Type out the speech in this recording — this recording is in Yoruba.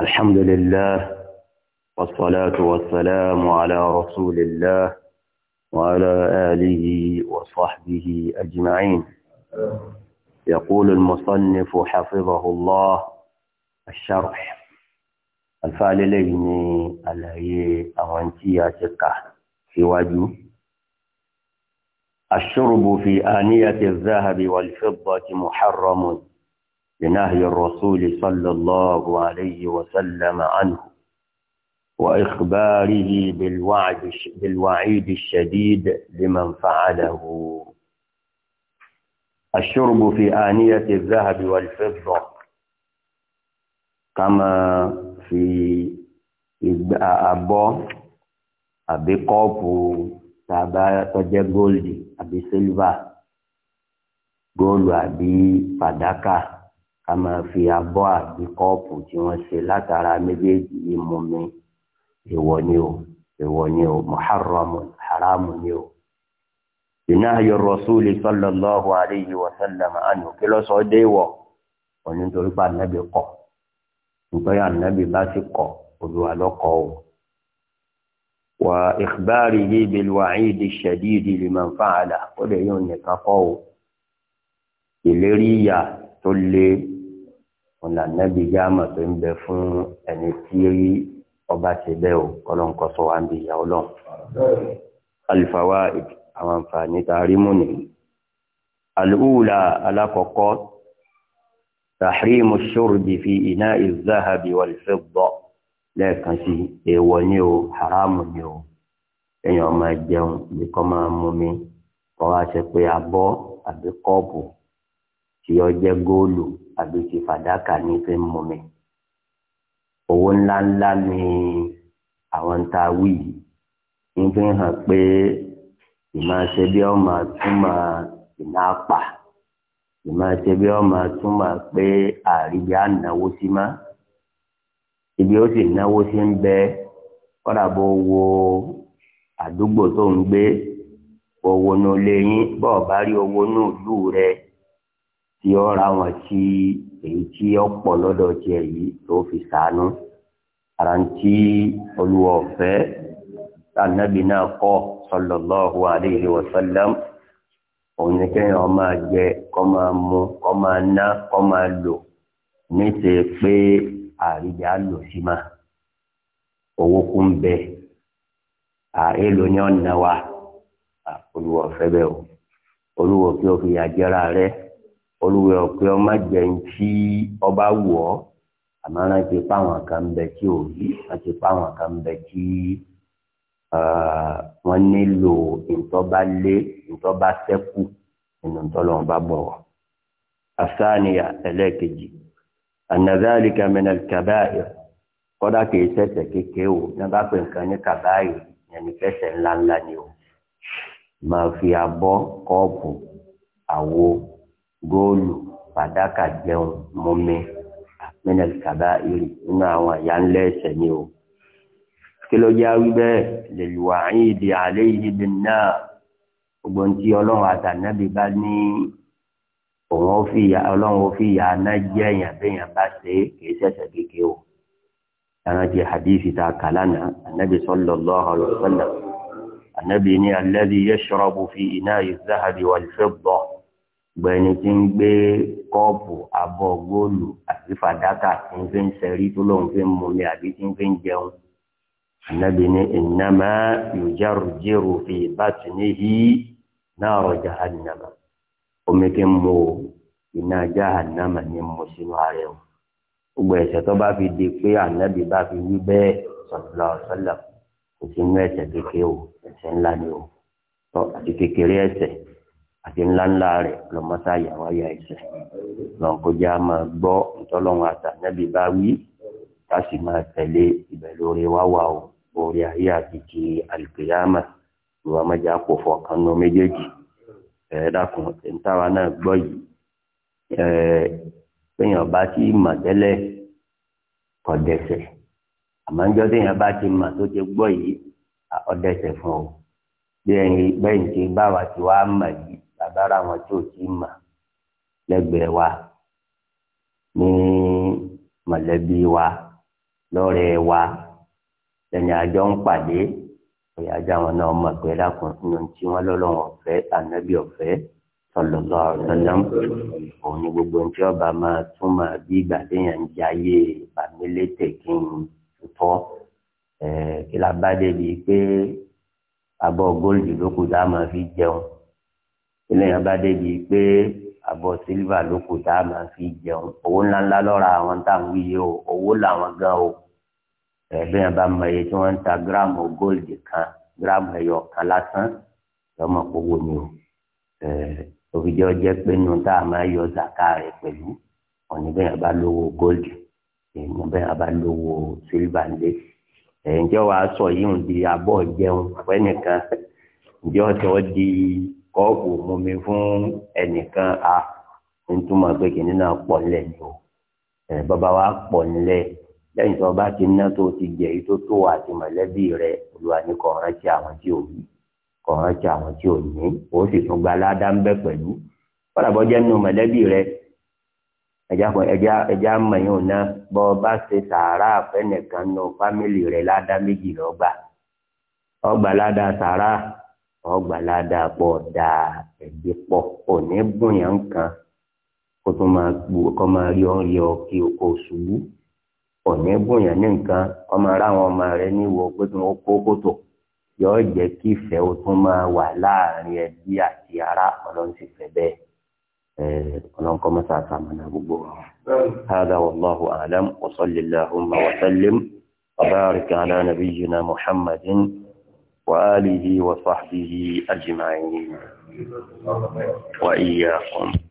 الحمد لله والصلاة والسلام على رسول الله وعلى آله وصحبه أجمعين يقول المصنف حفظه الله الشرح الفعل لين على أوانتيا تقع في وجه الشرب في آنية الذهب والفضة محرم بنهي الرسول صلى الله عليه وسلم عنه وإخباره بالوعد بالوعيد الشديد لمن فعله الشرب في آنية الذهب والفضة كما في أبو أبي قوبو تابا تجي أبي سيلفا قولوا أبي àbí a máa fi abọ́ àbí kọ́ọ̀pù tí wọ́n ṣe látara méjèèjì yìí mú mi èèwọ̀ ni o èèwọ̀ ni o muharramu haramu ni o. ìnáyọ rọ̀ṣúlì sallallahu alayhi wa sallam àná kí lọ́sọ̀ dé wọ̀ òní nítorí pé ànábì kọ̀ nítorí ànábì bá sì kọ̀ olùwà lọ́kọ̀ o. wà ikhbarihi bil wa'idi shadidi liman fa'ala ó lè yóò nìkan kọ́ o. ìlérí ìyà tó le wọn là nẹ́bí já mọ̀ pé ń bẹ fún ẹni tí ọba ṣe bẹ́ẹ̀ o ọlọ́run kọ́ sọ wá ń bi ìyá ọlọ́run. alifawa àwọn àǹfààní tá a rí mú nìyí. alùwùlà alákọ̀ọ́kọ́ tahrimu shurbi fi ina'i zahabi wal fidda lẹ́ẹ̀kan sí èèwọ̀ ni o haramu ni o èèyàn máa jẹun bí kò máa mú mi kọ́ wá ṣe pé abọ́ àbí kọ́ọ̀pù tí ó jẹ́ góòlù àbí ti fàdákà ní fi ń mú owó ńláńlá ni àwọn tá a wí yìí ń fi hàn pé ìmáṣe bí ọmọ túmọ̀ ìná pa ìmáṣe bí ọmọ túmọ̀ pé àríbí á náwó sí má ibi ó sì náwó sí ń bẹ kọ́dà bó wo àdúgbò tó ń gbé owó nulẹ̀ yín bọ́ọ̀ bá rí owó nùlù rẹ̀ tí ó ra wọn tí èyí tí ó pọ̀ lọ́dọ̀ tiẹ̀ yìí tó fi sànú ara ń tí olúwa ọ̀fẹ́ tànàbí náà kọ́ sallallahu alayhi wa sallam òun ni kéèyàn máa jẹ kó máa mu kó máa ná kó máa lò níṣe pé àríyá lò sí ma owó kún bẹ àélo ni ọ̀nà wa olúwa ọ̀fẹ́ bẹ́ẹ̀ o olúwa kí o fi yà jẹ́ra rẹ̀ olùwẹ̀ ọ̀pẹ ọmọ jẹun tí ọba wù ọ́ àmọ́ wọn ti pa àwọn kan bẹ tí ò rí wọn ti pa àwọn kan bẹ tí wọn nílò ìtọ́ba lé ìtọ́ba sẹ́kù nínú tọ́lọ́wọ́n bá bọ̀ wọ́. asániya ẹlẹ́ẹ̀kejì anazalika minal kabair kọ́dà kìí ṣẹ̀ṣẹ̀ kékeré o ní bá pè nǹkan ní kabair yẹn ní fẹsẹ̀ ńláńlá ni o máa fi abọ́ kọ́ọ̀pù àwo góòlù fàdákà jẹun mọ́mí minal kabairi nínú àwọn àyà ńlẹ́ ẹ̀ṣẹ̀ ni o. kí ló yá wí bẹ́ẹ̀ lil wa'idi alayhi bin nar gbogbo ń tí ọlọ́run àtànábì bá ní òun ó fi ìyá ọlọ́run ó fi ìyá aná jẹ́ èèyàn béèyàn bá ṣe é kì í ṣẹ̀ṣẹ̀ kéke o. hadithi ta kàlánà ànábì sallallahu alaihi wasallam ànábì ní alladhi yashrabu fi ina'i adh-dhahabi wal-fidda gbẹ̀ni tí ń gbé kọ́ọ̀pù abọ́ góòlù àti fàdákà tí ń fi ń sẹ́rí tó lóun fi ń mumi àbí tí ń fi ń jẹun ànábì ní ìnáma yòjárùjẹrù fi bàtì níhí náà ọjà ànàmà omi kí n mu iná ajá ànàmà ní mo sínú ààrẹ o gbogbo ẹ̀ṣẹ̀ tó bá fi di pé ànábì bá fi wí bẹ́ẹ̀ sọlọ sọlọ kò sí inú ẹ̀ṣẹ̀ kékeré o ẹ̀ṣẹ̀ ńlá ni o tọ àti kékeré ẹ̀ṣẹ̀. àti ńláńlá rẹ̀ lọ́mọ́sá yàwá yà ẹsẹ̀ lọ́n kọjá máa gbọ́ ma àtànábì bá wí ká sì máa tẹ̀lé wáwá o orí ayé àti ti ìwà kò fọkàn nù méjèèjì ẹ̀ dákun ìtawà náà yìí bá ti mà tẹ́lẹ̀ kọ̀ àbára àwọn tí ò tí ì mà lẹ́gbẹ̀ẹ́ wa ní mọ̀lẹ́bí wa lọ́rẹ̀ẹ́ wa lẹ́ni àjọ ń pàdé ọ̀yà ajá wọn náà mọ̀ pé lákùn nínú tí wọ́n lọ́lọ́run ọ̀fẹ́ ànábì ọ̀fẹ́ sọlọ́lọ́ ọ̀sọ́lọ́m òun ni gbogbo ní tí ọba máa tún máa bí ìgbà téèyàn ń jẹ ayé àmìlétè kí n tutọ́ kí la bá pé abọ́ góòlù ló kù dá máa fi jẹun eléyàn bá débi pé àbọ̀ sílvà ló kù tá a máa fi jẹun owó ńláńlá lọ́ra àwọn tá à ń wíyé o owó làwọn gan o ẹ̀ẹ́dẹ́ yẹn bá mọ iye tí wọ́n ń ta gíráàmù góòlì kan gíráàmù ẹ̀yọ̀ kan lásán lọ́mọ owó ni o òfìjẹ́ ọjẹ́ pé nu tá a máa yọ zaka rẹ̀ pẹ̀lú ọ̀nì bẹ́ẹ̀ yẹn bá lówó góòlì ẹ̀yìn bẹ́ẹ̀ yẹn bá lówó sílvà ńlẹ̀ ẹ̀yìn jẹ́ wàá sọ yìí ń di abọ́ jẹun àpẹ́ nìkan ọ̀tọ̀ di kọ́ọ̀pù mumi fún ẹnìkan a ntúmọ̀ pé kìnìún náà pọ̀ nílẹ̀ ni o ẹ̀ bàbá wa pọ̀ nílẹ̀ lẹ́yìn tí wọ́n bá ti ná tó ti jẹ́ èyí tó tó àti mọ̀lẹ́bí rẹ̀ olúwa ní kò rántí àwọn tí ò ní kò rántí àwọn tí ò ní ó sì tún gba aládá ń bẹ pẹ̀lú fọlábọ́ jẹ́ nínú mọ̀lẹ́bí rẹ̀ ẹja kan ẹja ẹja mọ̀yìn òun náà bọ́ bá ṣe sàárà fẹ́nìkan nù fámìlì rẹ̀ ládá méjì lọ́gbà ọgbà ládá sàárà ọgbàládà pọ̀ da ẹ̀gbẹ́ pọ̀ òní gbóyàn kan kó tó máa gbu kó máa rí ọ̀rí ọ kí o ṣubú òní gbóyàn ní nǹkan kó máa ráwọn ọmọ rẹ níwò pé kí wọ́n kó kótó yọ jẹ́ kí ìfẹ́ o tún máa wà láàrin ẹbí àti ará ọlọ́run sì fẹ́ bẹ́ẹ̀ ọlọ́run kọ́ àtàmọ́nà gbogbo wọn. هذا والله أعلم وصل اللهم وسلم وبارك على نبينا محمد وآله وصحبه أجمعين وإياكم